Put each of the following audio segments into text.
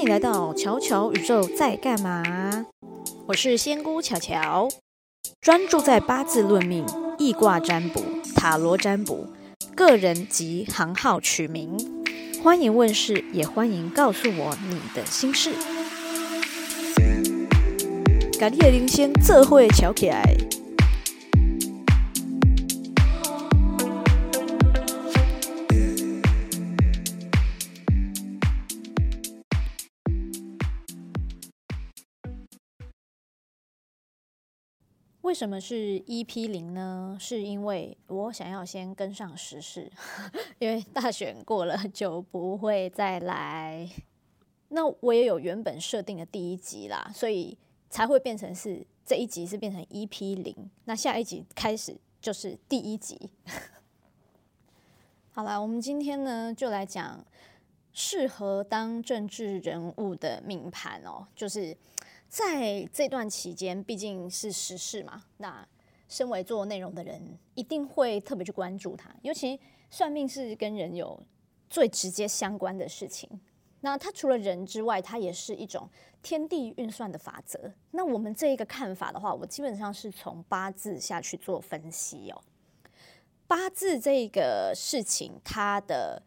歡迎來到巧巧宇宙在幹嘛？我是仙姑巧巧，專注在八字論命、易卦占卜、塔羅占卜、個人及行號取名。歡迎問事，也歡迎告訴我你的心事。感謝您先，聲做會敲起來。為什麼是 EP 零呢？是因為我想要先跟上時事，因為大選過了就不會再來。那我也有原本設定的第一集啦，所以才會變成是這一集是變成 EP 零。那下一集開始就是第一集。好啦，我們今天呢就來講適合當政治人物的命盤哦，就是。在這段期間，畢竟是時事嘛。那身為做內容的人，一定會特別去關注它。尤其算命是跟人有最直接相關的事情。那它除了人之外，它也是一種天地運算的法則。那我們這一個看法的話，我基本上是從八字下去做分析哦。八字這個事情，它的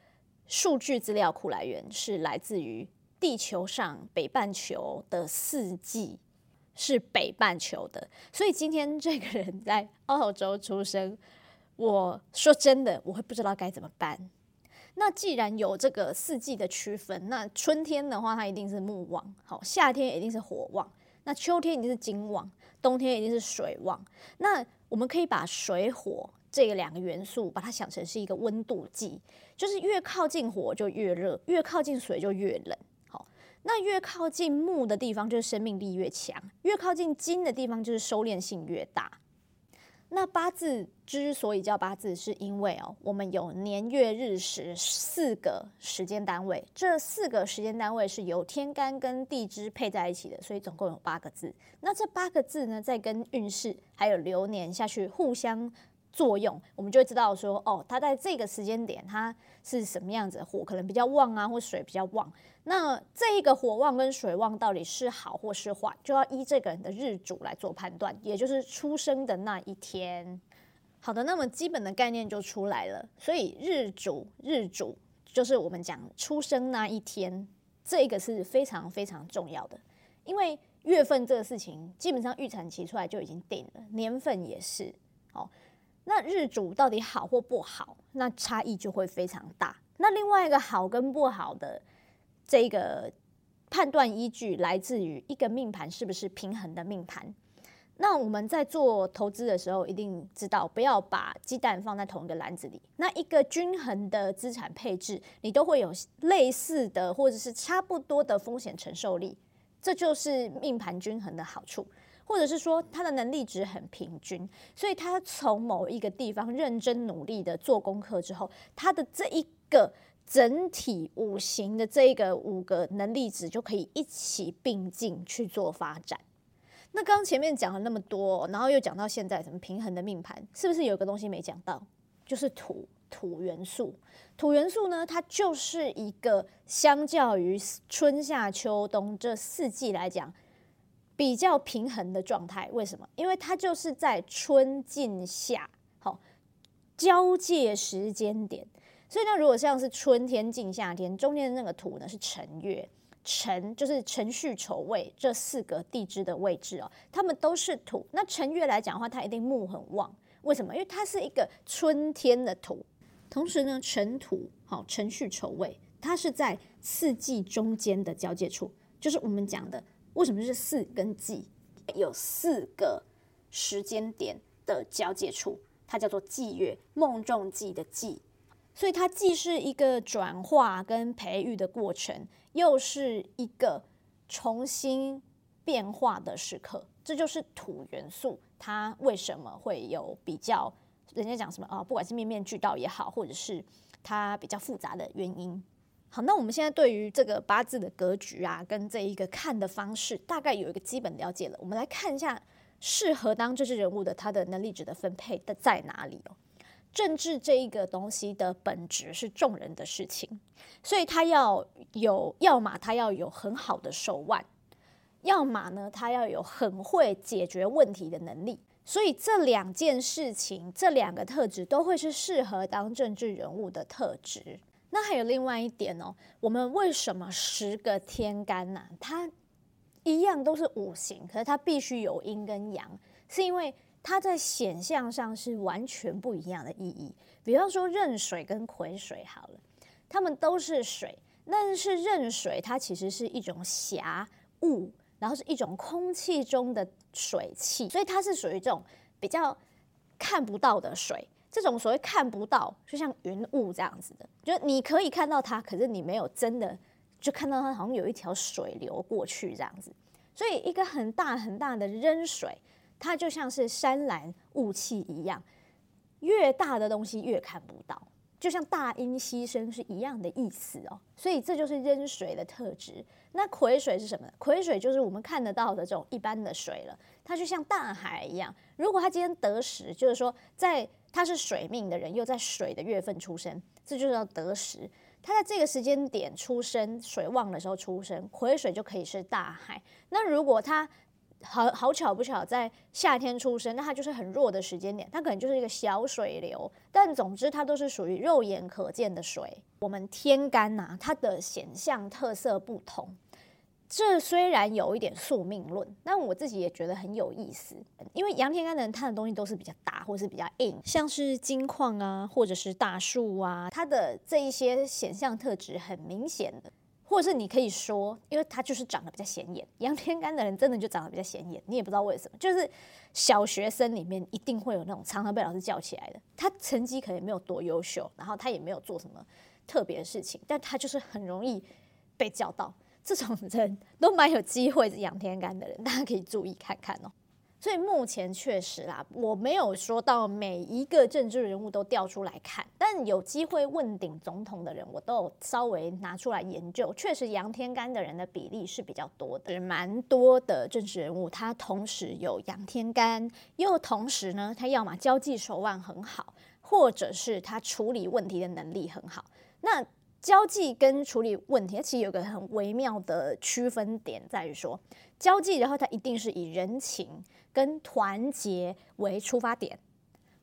數據資料庫來源是來自於。地球上北半球的四季是北半球的，所以今天這個人在澳洲出生，我說真的，我會不知道該怎麼辦。那既然有這個四季的區分，那春天的話，它一定是木旺；好，夏天一定是火旺；那秋天一定是金旺，冬天一定是水旺。那我們可以把水火這兩個元素，把它想成是一個溫度計，就是越靠近火就越熱，越靠近水就越冷。那越靠近木的地方，就是生命力越強；越靠近金的地方，就是收斂性越大。那八字之所以叫八字，是因為哦，我們有年月日時四個時間單位，這四個時間單位是由天干跟地支配在一起的，所以總共有八個字。那這八個字呢，在跟運勢還有流年下去互相。作用，我們就會知道說，哦，他在這個時間點，他是什麼樣子，火可能比較旺啊，或水比較旺。那這一個火旺跟水旺到底是好或是壞，就要依這個人的日主來做判斷，也就是出生的那一天。好的，那麼基本的概念就出來了。所以日主，日主就是我們講出生那一天，這個是非常非常重要的，因為月份這個事情，基本上預產期出來就已經定了，年份也是，哦。那日主到底好或不好，那差異就會非常大。那另外一個好跟不好的這個判斷依據，來自於一個命盤是不是平衡的命盤。那我們在做投資的時候，一定知道不要把雞蛋放在同一個籃子裡。那一個均衡的資產配置，你都會有類似的或者是差不多的風險承受力。這就是命盤均衡的好處。或者是說他的能力值很平均，所以他從某一個地方認真努力的做功課之後，他的這一個整體五行的這一個五個能力值就可以一起並進去做發展。那剛剛前面講了那麼多，然後又講到現在怎麼平衡的命盤，是不是有一個東西沒講到？就是土土元素。土元素呢，它就是一個相較於春夏秋冬這四季來講。比較平衡的狀態，為什麼？因為它就是在春進夏，好、哦、交界時間點。所以呢，如果像是春天進夏天，中間的那個土呢是辰月，辰就是辰戌丑未這四個地支的位置哦，它們都是土。那辰月來講的話，它一定木很旺，為什麼？因為它是一個春天的土，同時呢，辰土好辰戌丑未，它是在四季中間的交界處，就是我們講的。為什麼是四跟季？有四個時間點的交界處，它叫做季月，孟仲季的季，所以它既是一個轉化跟培育的過程，又是一個重新變化的時刻。這就是土元素它為什麼會有比較，人家講什麼啊，哦？不管是面面俱到也好，或者是它比較複雜的原因。好，那我們現在對於這個八字的格局啊，跟這一個看的方式，大概有一個基本了解了。我們來看一下適合當政治人物的他的能力值的分配的在哪裡哦。政治這一個東西的本質是眾人的事情，所以他要有，要麼他要有很好的手腕，要麼呢，他要有很會解決問題的能力。所以這兩件事情，這兩個特質都會是適合當政治人物的特質。那還有另外一點哦，我們為什麼十個天干呢、啊？它一樣都是五行，可是它必須有陰跟陽，是因為它在顯象上是完全不一樣的意義。比方說，壬水跟癸水好了，它們都是水，但是壬水它其實是一種霞霧，然後是一種空氣中的水汽，所以它是屬於這種比較看不到的水。這種所謂看不到，就像雲霧這樣子的，就是你可以看到它，可是你沒有真的就看到它，好像有一條水流過去這樣子。所以一個很大很大的壬水，它就像是山嵐霧氣一樣，越大的東西越看不到，就像大音希聲是一樣的意思哦、喔。所以這就是壬水的特質。那癸水是什麼？癸水就是我們看得到的這種一般的水了，它就像大海一樣。如果它今天得時，就是說在他是水命的人，又在水的月份出生，這就叫得時。他在這個時間點出生，水旺的時候出生，癸水就可以是大海。那如果他好好巧不巧在夏天出生，那他就是很弱的時間點，他可能就是一個小水流。但總之，它都是屬於肉眼可見的水。我們天干吶、啊，它的顯象特色不同。這雖然有一點宿命論，但我自己也覺得很有意思。因為陽天干的人，他的東西都是比較大，或是比較硬，像是金礦啊，或者是大樹啊，他的這一些顯象特質很明顯的。或者是你可以說，因為他就是長得比較顯眼。陽天干的人真的就長得比較顯眼，你也不知道為什麼，就是小學生裡面一定會有那種常常被老師叫起來的。他成績可能沒有多優秀，然後他也沒有做什麼特別的事情，但他就是很容易被叫到。這種人都蠻有機會是陽天干的人，大家可以注意看看哦。所以目前確實啦、啊，我沒有說到每一個政治人物都調出來看，但有機會問鼎總統的人，我都有稍微拿出來研究。確實，陽天干的人的比例是比較多的，蠻多的政治人物，他同時有陽天干，又同時呢，他要麼交際手腕很好，或者是他處理問題的能力很好。那交際跟處理問題，它其實有一個很微妙的區分點，在於說交際，然後它一定是以人情跟團結為出發點，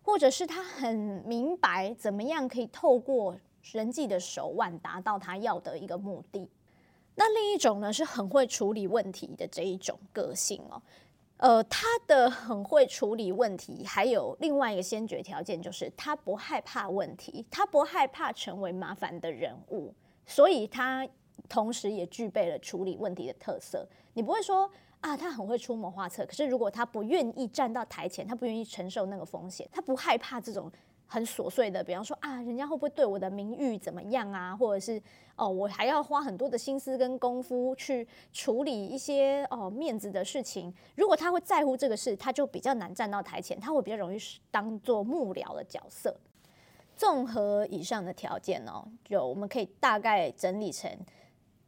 或者是他很明白怎麼樣可以透過人際的手腕達到他要的一個目的。那另一種呢，是很會處理問題的這一種個性哦。呃，他的很會處理問題，還有另外一個先決條件就是他不害怕問題，他不害怕成為麻煩的人物，所以他同時也具備了處理問題的特色。你不會說啊，他很會出謀劃策，可是如果他不願意站到台前，他不願意承受那個風險，他不害怕這種。很瑣碎的，比方說啊，人家會不會對我的名譽怎麼樣啊？或者是哦，我還要花很多的心思跟功夫去處理一些哦面子的事情。如果他會在乎這個事，他就比較難站到台前，他會比較容易當做幕僚的角色。綜合以上的條件哦，就我們可以大概整理成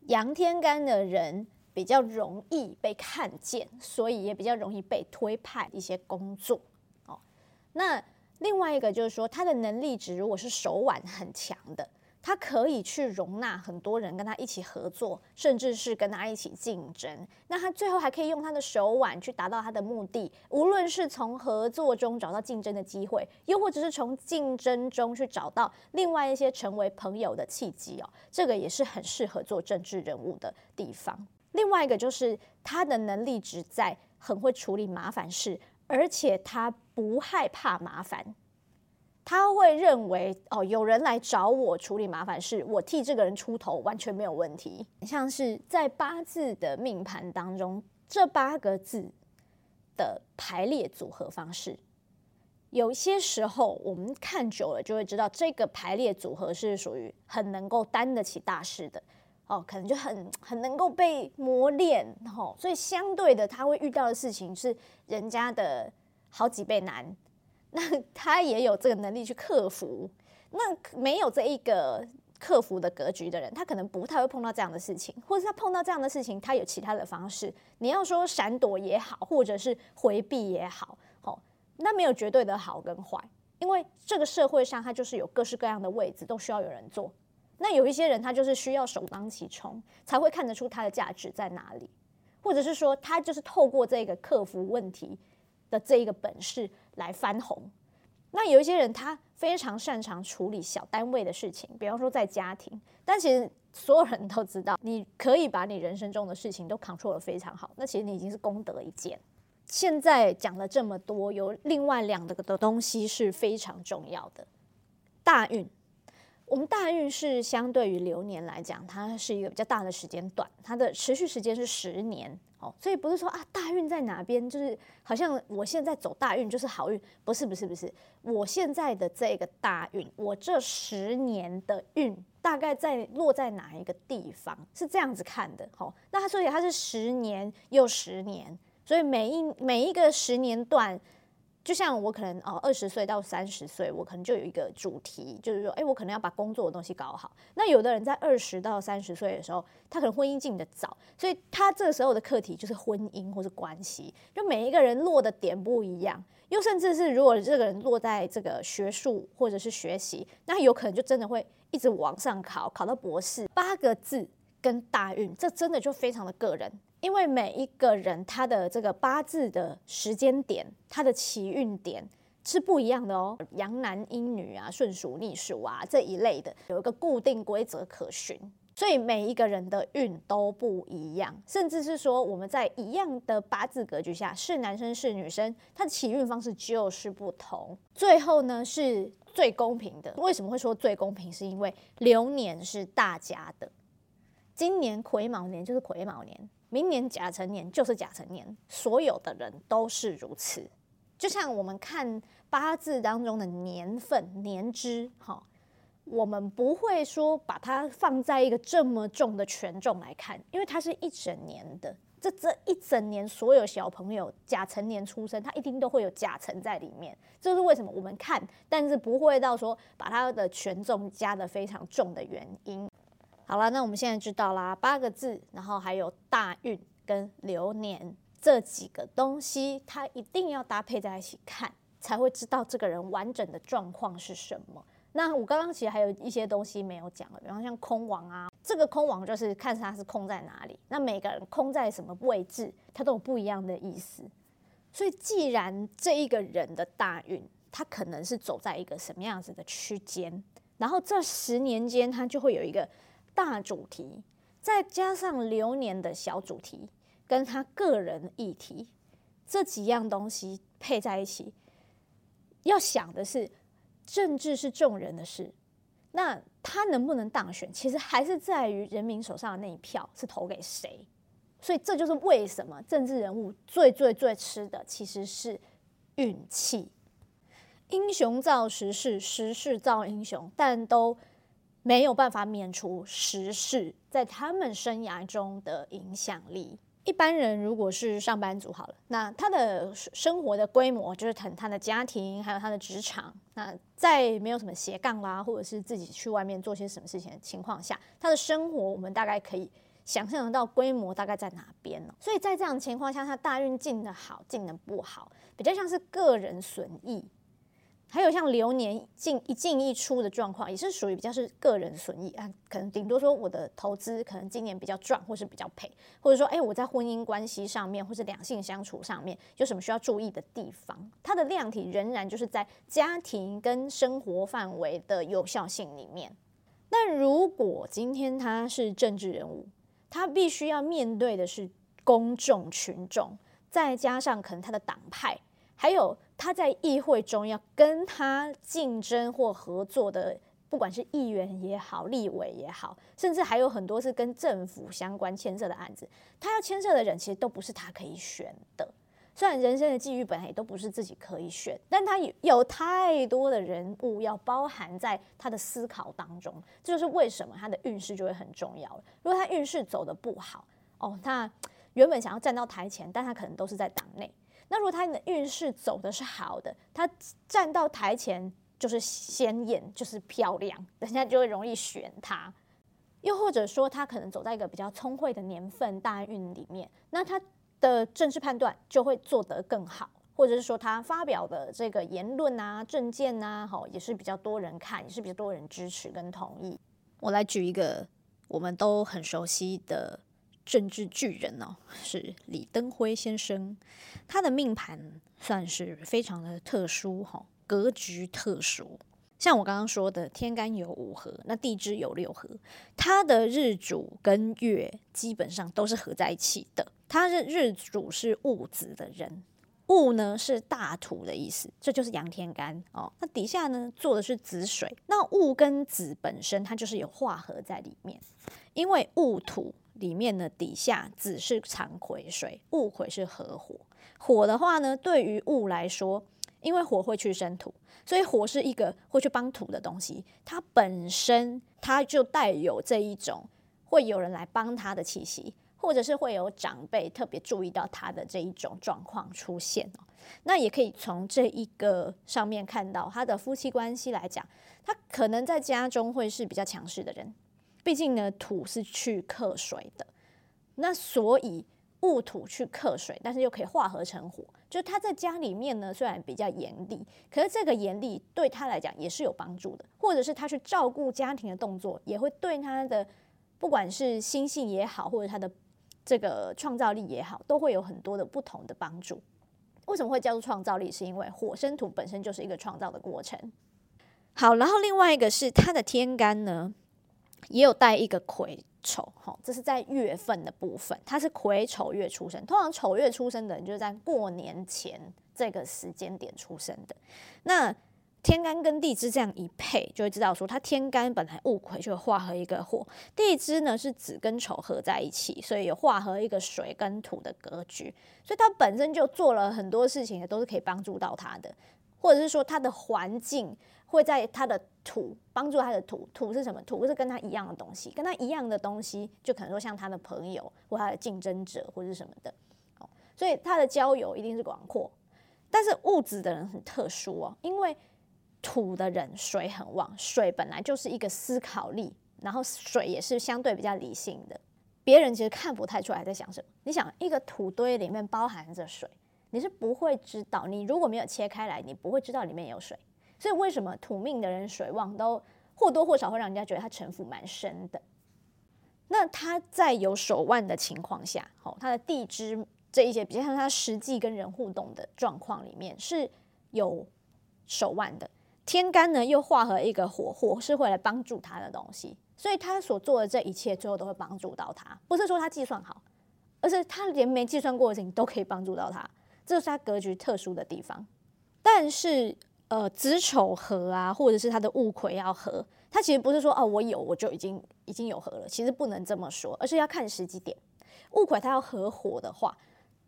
陽天干的人比較容易被看見，所以也比較容易被推派一些工作哦。那另外一個就是說，他的能力值如果是手腕很強的，他可以去容納很多人跟他一起合作，甚至是跟他一起競爭。那他最後還可以用他的手腕去達到他的目的，無論是從合作中找到競爭的機會，又或者是從競爭中去找到另外一些成為朋友的契機哦。這個也是很適合做政治人物的地方。另外一個就是他的能力值在很會處理麻煩事。而且他不害怕麻煩，他會認為哦，有人來找我處理麻煩事，我替這個人出頭完全沒有問題。像是在八字的命盤當中，這八個字的排列組合方式，有些時候我們看久了就會知道，這個排列組合是屬於很能夠擔得起大事的。哦，可能就很很能夠被磨練，吼，所以相對的，他會遇到的事情是人家的好幾倍難，那他也有這個能力去克服。那沒有這一個克服的格局的人，他可能不太會碰到這樣的事情，或者他碰到這樣的事情，他有其他的方式。你要說閃躲也好，或者是回避也好，吼，那沒有絕對的好跟壞，因為這個社會上他就是有各式各樣的位置，都需要有人做。那有一些人，他就是需要首當其衝才會看得出他的價值在哪裡，或者是說他就是透過這個克服問題的這一個本事來翻紅。那有一些人，他非常擅長處理小單位的事情，比方說在家庭。但其實所有人都知道，你可以把你人生中的事情都 control 得非常好，那其實你已經是功德一件。現在講了這麼多，有另外兩個的東西是非常重要的，大運。我們大運，是相對於流年來講，它是一個比較大的時間段，它的持續時間是十年哦，所以不是說啊大運在哪邊，就是好像我現在走大運就是好運，不是不是不是，我現在的這個大運，我這十年的運大概在落在哪一個地方，是這樣子看的，好，那它所以它是十年又十年，所以每一每一個十年段。就像我可能哦二十歲到三十歲，我可能就有一個主題，就是說，哎，我可能要把工作的東西搞好。那有的人在二十到三十歲的時候，他可能婚姻進得早，所以他這個時候的課題就是婚姻或是關係。就每一個人落的點不一樣，又甚至是如果這個人落在這個學術或者是學習，那有可能就真的會一直往上考，考到博士。八個字跟大運，這真的就非常的個人。因為每一個人他的這個八字的時間點，他的起運點是不一樣的哦，陽男陰女啊，順數逆數啊這一類的，有一個固定規則可循，所以每一個人的運都不一樣，甚至是說我們在一樣的八字格局下，是男生是女生，他的起運方式就是不同。最後呢，是最公平的。為什麼會說最公平？是因為流年是大家的，今年癸卯年就是癸卯年。明年甲辰年就是甲辰年，所有的人都是如此。就像我們看八字當中的年份、年支，哈，我們不會說把它放在一個這麼重的權重來看，因為它是一整年的。這這一整年所有小朋友甲辰年出生，他一定都會有甲辰在裡面。這是為什麼我們看，但是不會到說把他的權重加得非常重的原因。好啦，那我們現在知道啦，八個字，然後還有大運跟流年這幾個東西，它一定要搭配在一起看，才會知道這個人完整的狀況是什麼。那我剛剛其實還有一些東西沒有講，比方像空亡啊，這個空亡就是看它是空在哪裡。那每個人空在什麼位置，它都有不一樣的意思。所以，既然這一個人的大運，他可能是走在一個什麼樣子的區間，然後這十年間，他就會有一個。大主題，再加上流年的小主題，跟他個人議題，這幾樣東西配在一起，要想的是政治是眾人的事，那他能不能當選，其實還是在於人民手上的那一票是投給誰。所以這就是為什麼政治人物最最最吃的其實是運氣。英雄造時勢，時勢造英雄，但都。沒有辦法免除時事在他們生涯中的影響力。一般人如果是上班族好了，那他的生活的規模就是談他的家庭，還有他的職場。那在沒有什麼斜槓啦，或者是自己去外面做些什麼事情的情況下，他的生活我們大概可以想象得到規模大概在哪邊呢、哦？所以在這樣情況下，他大運進得好，進得不好，比較像是個人損益。還有像流年進一進一出的狀況，也是屬於比較是個人損益啊，可能頂多說我的投資可能今年比較賺，或是比較賠，或者說哎、欸、我在婚姻關係上面，或是兩性相處上面有什麼需要注意的地方，它的量體仍然就是在家庭跟生活範圍的有效性裡面。但如果今天他是政治人物，他必須要面對的是公眾群眾，再加上可能他的黨派。還有，他在議會中要跟他競爭或合作的，不管是議員也好，立委也好，甚至還有很多是跟政府相關牽涉的案子，他要牽涉的人其實都不是他可以選的。雖然人生的際遇本來也都不是自己可以選，但他有太多的人物要包含在他的思考當中，這就是為什麼他的運勢就會很重要了。如果他運勢走得不好，哦，那原本想要站到台前，但他可能都是在黨內。那如果他的運勢走的是好的，他站到台前就是鮮豔，就是漂亮，人家就會容易選他。又或者說，他可能走在一個比較聰慧的年份大運裡面，那他的政治判斷就會做得更好，或者是說他發表的這個言論啊、政見啊，好也是比較多人看，也是比較多人支持跟同意。我來舉一個我們都很熟悉的。政治巨人呢、哦，是李登輝先生。他的命盤算是非常的特殊哈、哦，格局特殊。像我剛剛說的，天干有五合，那地支有六合。他的日主跟月基本上都是合在一起的。他是日主是戊子的人，戊呢是大土的意思，這就是陽天干哦。那底下呢做的是子水，那戊跟子本身它，就是有化合在裡面，因為戊土。裡面的底下子是藏癸水，戊癸是合火。火的話呢，對於戊來說，因為火會去生土，所以火是一個會去幫土的東西。它本身它就帶有這一種會有人來幫他的氣息，或者是會有長輩特別注意到他的這一種狀況出現。那也可以從這一個上面看到他的夫妻關係來講，他可能在家中會是比較強勢的人。畢竟呢，土是去剋水的，那所以戊土去剋水，但是又可以化合成火。就是他在家裡面呢，雖然比較嚴厲，可是這個嚴厲對他來講也是有幫助的。或者是他去照顧家庭的動作，也會對他的不管是心性也好，或者他的這個創造力也好，都會有很多的不同的幫助。為什麼會叫做創造力？是因為火生土本身就是一個創造的過程。好，然後另外一個是他的天干呢。也有帶一個癸丑，這是在月份的部分，它是癸丑月出生。通常丑月出生的人，就是在過年前這個時間點出生的。那天干跟地支這樣一配，就會知道說，它天干本來戊癸就會化合一個火，地支呢是子跟丑合在一起，所以有化合一個水跟土的格局。所以它本身就做了很多事情，也都是可以幫助到他的，或者是說它的環境。會在他的土，幫助他的土，土是什麼？土是跟他一樣的東西，跟他一樣的東西就可能說像他的朋友或他的競爭者或者什麼的。哦，所以他的交友一定是廣闊，但是物質的人很特殊哦，因為土的人水很旺，水本來就是一個思考力，然後水也是相對比較理性的，別人其實看不太出來在想什麼。你想一個土堆裡面包含着水，你是不會知道，你如果沒有切開來，你不會知道裡面有水。所以為什麼土命的人水旺都或多或少會讓人家覺得他城府蠻深的？那他在有手腕的情況下，吼，他的地支這一些比較像他實際跟人互動的狀況裡面是有手腕的。天干呢，又化合一個火，火是會來幫助他的東西，所以他所做的這一切最後都會幫助到他。不是說他計算好，而是他連沒計算過的事情都可以幫助到他，這是他格局特殊的地方。但是。呃，子丑合啊，或者是他的戊癸要合。他其實不是說哦，我有我就已經已經有合了，其實不能這麼說，而是要看時機點。戊癸他要合火的話，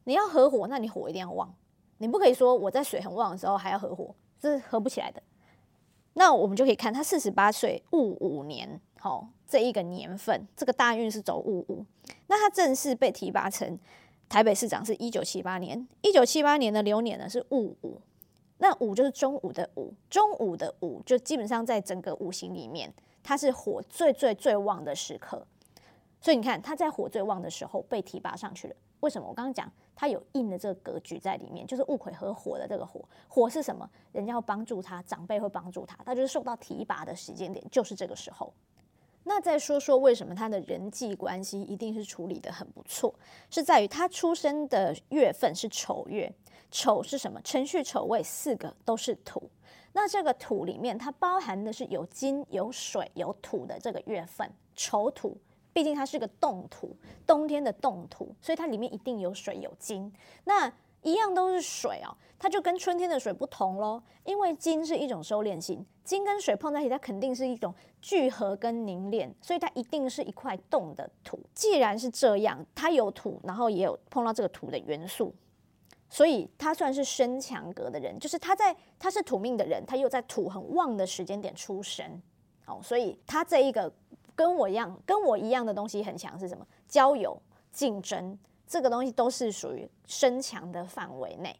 你要合火，那你火一定要旺，你不可以說我在水很旺的時候還要合火，這是合不起來的。那我們就可以看他四十八歲戊午年，好、哦，這一個年份，這個大運是走戊午。那他正式被提拔成台北市長是一九七八年，一九七八年的流年呢是戊午。那午就是中午的午，中午的午就基本上在整個五行裡面，它是火最最最旺的時刻。所以你看，它在火最旺的時候被提拔上去了。為什麼？我剛剛講它有印的這個格局在裡面，就是戊癸合火的這個火。火是什麼？人家會幫助他，長輩會幫助他，他就是受到提拔的時間點就是這個時候。那再說說為什麼他的人際關係一定是處理得很不錯，是在於他出生的月份是丑月。丑是什麼？辰戌丑未四個都是土，那這個土裡面它包含的是有金有水有土的這個月份，丑土，畢竟它是個凍土，冬天的凍土，所以它裡面一定有水有金。那一樣都是水哦，它就跟春天的水不同嘍。因為金是一種收斂性，金跟水碰在一起，它肯定是一種聚合跟凝練，所以它一定是一塊凍的土。既然是這樣，它有土，然後也有碰到這個土的元素，所以它算是身強格的人，就是他在他是土命的人，他又在土很旺的時間點出生，哦，所以他這一個跟我一樣，跟我一樣的東西很強是什麼？交友競爭。這個東西都是屬於身強的範圍內。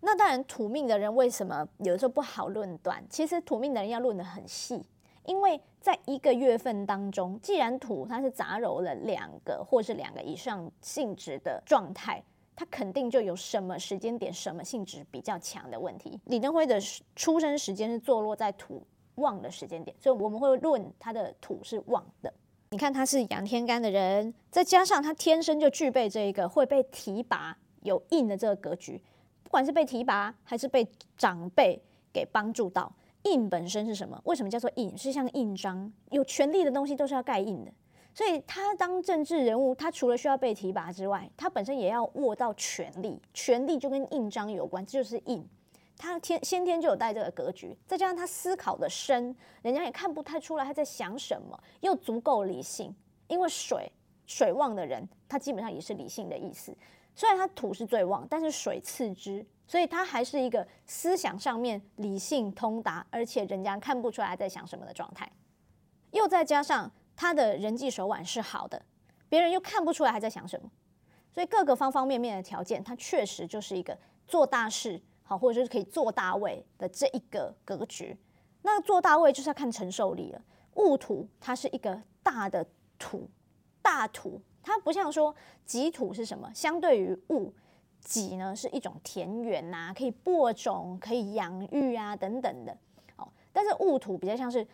那當然土命的人為什麼有的時候不好論斷？其實土命的人要論得很細，因為在一個月份當中，既然土它是雜糅了兩個或是兩個以上性質的狀態，它肯定就有什麼時間點什麼性質比較強的問題。李登輝的出生時間是坐落在土旺的時間點，所以我們會論他的土是旺的。你看他是陽天干的人，再加上他天生就具備這一個會被提拔有印的這個格局，不管是被提拔還是被長輩給幫助到，印本身是什麼？為什麼叫做印？是像印章，有權力的東西都是要蓋印的。所以他當政治人物，他除了需要被提拔之外，他本身也要握到權力，權力就跟印章有關，這就是印。他天先天就有帶這個格局，再加上他思考的深，人家也看不太出來他在想什麼，又足夠理性。因為水水旺的人，他基本上也是理性的意思。雖然他土是最旺，但是水次之，所以他還是一個思想上面理性通達，而且人家看不出來他在想什麼的狀態。又再加上他的人際手腕是好的，別人又看不出來他在想什麼，所以各個方方面面的條件，他確實就是一個做大事。好，或者就是可以坐大位的這一個格局，那坐大位就是要看承受力了。戊土它是一個大的土，大土，它不像說己土是什麼，相對於戊己呢是一種田園吶、啊，可以播種、可以養育啊等等的。哦，但是戊土比較像是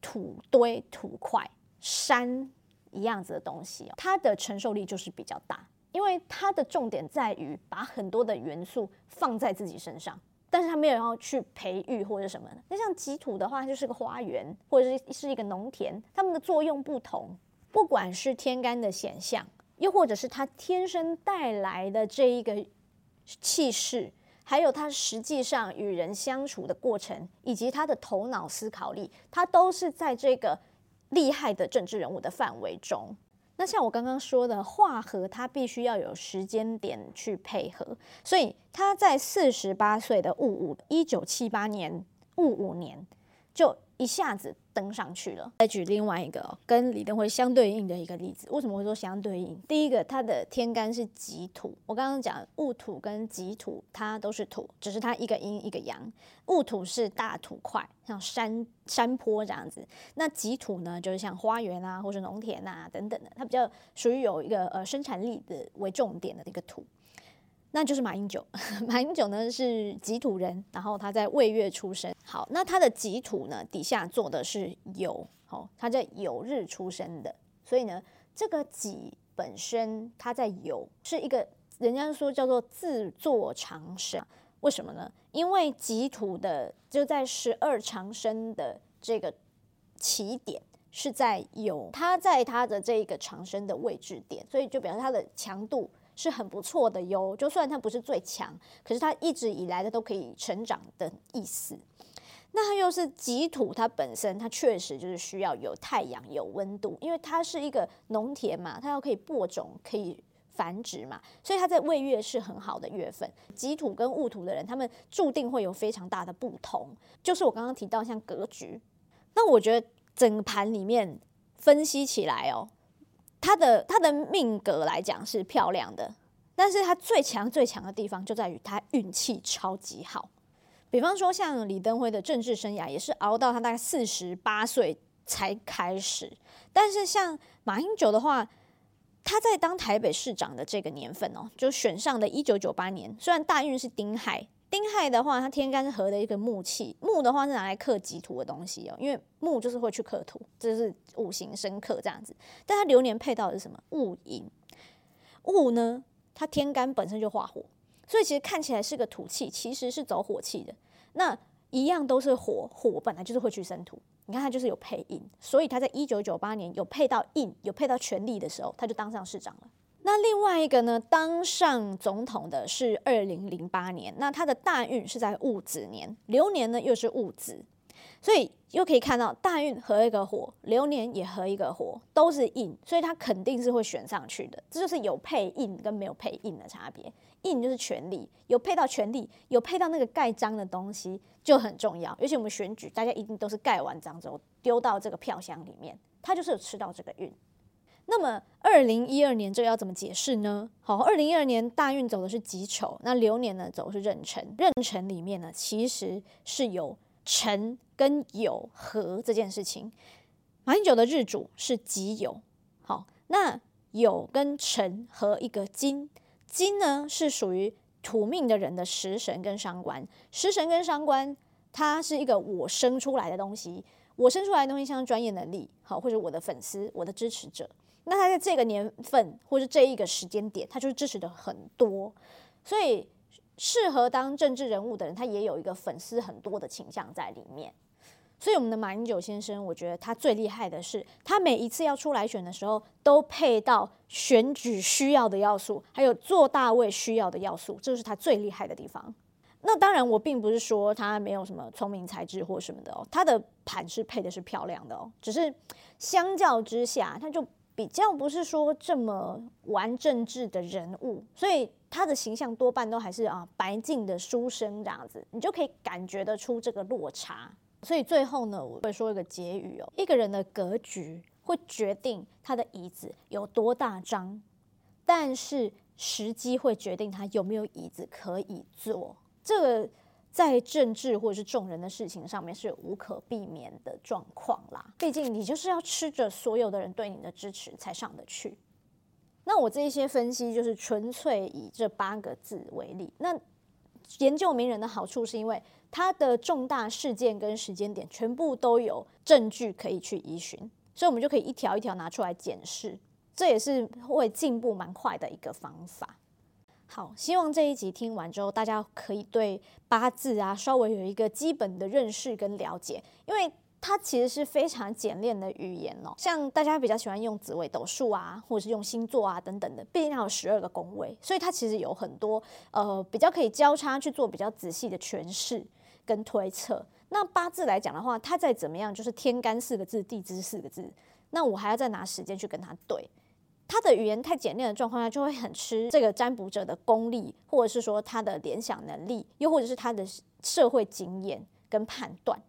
土堆、土塊、山一樣子的東西哦，它的承受力就是比較大。因為它的重點在於把很多的元素放在自己身上，但是他沒有要去培育或者什麼。那像己土的話，就是個花園，或者是是一個農田，他們的作用不同。不管是天干的顯象，又或者是他天生帶來的這一個氣勢，還有他實際上與人相處的過程，以及他的頭腦思考力，他都是在這個厲害的政治人物的範圍中。那像我剛剛說的化合，它必須要有時間點去配合，所以他在四十八歲的戊午，一九七八年戊午年就。一下子登上去了。再舉另外一個、哦、跟李登輝相對應的一個例子，為什麼會說相對應？第一個，它的天干是己土。我剛剛講戊土跟己土，它都是土，只是它一個陰一個陽。戊土是大土塊，像山山坡這樣子；那己土呢，就是像花園啊，或是農田啊等等的，它比較屬於有一個呃生產力的為重點的一個土。那就是馬英九，馬英九呢是己土人，然後他在未月出生。好，那他的己土呢，底下坐的是酉，好、哦，他在酉日出生的，所以呢，這個己本身他在酉是一個，人家說叫做自坐長生、啊，為什麼呢？因為己土的就在十二長生的這個起點是在酉，他在他的這一個長生的位置點，所以就表示他的強度，是很不錯的喲，就算它不是最強，可是它一直以來的都可以成長的意思。那它又是己土，它本身它確實就是需要有太陽、有溫度，因為它是一個農田嘛，它要可以播種、可以繁殖嘛，所以它在未月是很好的月份。己土跟戊土的人，他們注定會有非常大的不同，就是我剛剛提到像格局，那我覺得整盤裡面分析起來哦。他的他的命格來講是漂亮的，但是他最強最強的地方就在於他運氣超級好。比方說像李登輝的政治生涯也是熬到他大概四十八歲才開始，但是像馬英九的話，他在當台北市長的這個年份哦，就選上的一九九八年，雖然大運是丁亥。丁亥的話，它天干是合的一個木氣，木的話是拿來克己土的東西哦，因為木就是會去克土，這是五行生克這樣子。但它流年配到的是什麼？戊寅。戊呢，它天干本身就化火，所以其實看起來是個土氣，其實是走火氣的。那一樣都是火，火本來就是會去生土。你看它就是有配印，所以他在一九九八年有配到印，有配到權力的時候，他就當上市長了。那另外一個呢？當上總統的是二零零八年，那他的大運是在戊子年，流年呢，又是戊子，所以又可以看到大運合一個火，流年也合一個火，都是印，所以他肯定是會選上去的。這就是有配印跟沒有配印的差別，印就是權力，有配到權力，有配到那個蓋章的東西就很重要。尤其我們選舉，大家一定都是蓋完章之後丟到這個票箱裡面，他就是有吃到這個運。那麼二零一二年這個要怎麼解釋呢？好，二零一二年大運走的是己丑，那流年呢走的是壬辰，壬辰裡面呢其實是有辰跟酉合這件事情。馬英九的日主是己酉，好，那酉跟辰合一個金，金呢是屬於土命的人的食神跟傷官，食神跟傷官，它是一個我生出來的東西，我生出來的東西像專業能力，好，或者我的粉絲，我的支持者。那他在這個年份，或是這一個時間點，他就是支持的很多，所以適合當政治人物的人，他也有一個粉絲很多的傾向在裡面。所以我們的馬英九先生，我覺得他最厲害的是，他每一次要出來選的時候，都配到選舉需要的要素，還有做大位需要的要素，這是他最厲害的地方。那當然，我並不是說他沒有什麼聰明才智或什麼的哦，他的盤是配的是漂亮的哦，只是相較之下，他就。比較不是說這麼玩政治的人物，所以他的形象多半都還是啊白淨的書生這樣子，你就可以感覺得出這個落差。所以最後呢，我會說一個結語哦、喔，一個人的格局會決定他的椅子有多大張，但是時機會決定他有沒有椅子可以坐。這個。在政治或者是眾人的事情上面是無可避免的狀況啦，畢竟你就是要吃着所有的人對你的支持才上得去。那我這一些分析就是純粹以這八個字為例。那研究名人的好處是因為他的重大事件跟時間點全部都有證據可以去依循，所以我們就可以一條一條拿出來檢視，這也是會進步蠻快的一個方法。好，希望這一集聽完之後，大家可以對八字啊稍微有一個基本的認識跟了解，因為它其實是非常簡練的語言哦、喔。像大家比較喜歡用紫微斗數啊，或者是用星座啊等等的，畢竟它有十二個宮位，所以它其實有很多呃比較可以交叉去做比較仔細的詮釋跟推測。那八字來講的話，它再怎麼樣就是天干四個字，地支四個字，那我還要再拿時間去跟它對。他的語言太簡練的狀況下，就會很吃這個占卜者的功力，或者是說他的聯想能力，又或者是他的社會經驗跟判斷，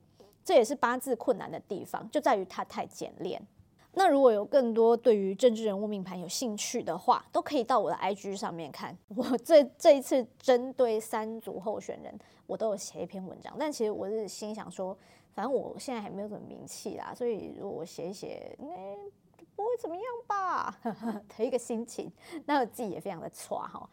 這也是八字困難的地方，就在於它太簡練。那如果有更多對於政治人物命盤有興趣的話，都可以到我的 IG 上面看。我這這一次針對三組候選人，我都有寫一篇文章，但其實我是心想說，反正我現在還沒有什麼名氣啦，所以如果我寫一寫，欸不會怎麼樣吧？ 的一個心情，那我自己也非常的差哈，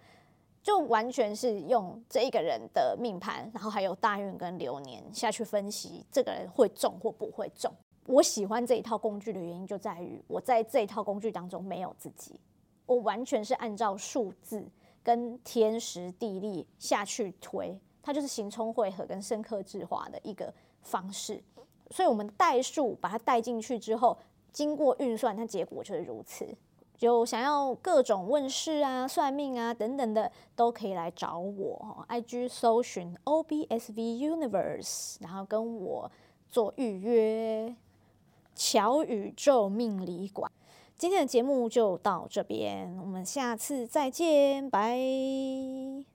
就完全是用這一個人的命盤，然後還有大運跟流年下去分析，這個人會中或不會中。我喜歡這一套工具的原因就在於，我在這一套工具當中沒有自己，我完全是按照數字跟天時地利下去推，它就是刑沖會合跟生剋制化的一個方式。所以，我們代數把它代進去之後。經過運算，它結果就是如此。有想要各種問事啊、算命啊等等的，都可以來找我哦。I G 搜尋 O B S V Universe，然後跟我做預約。巧宇宙命理館，今天的節目就到這邊，我們下次再見，拜。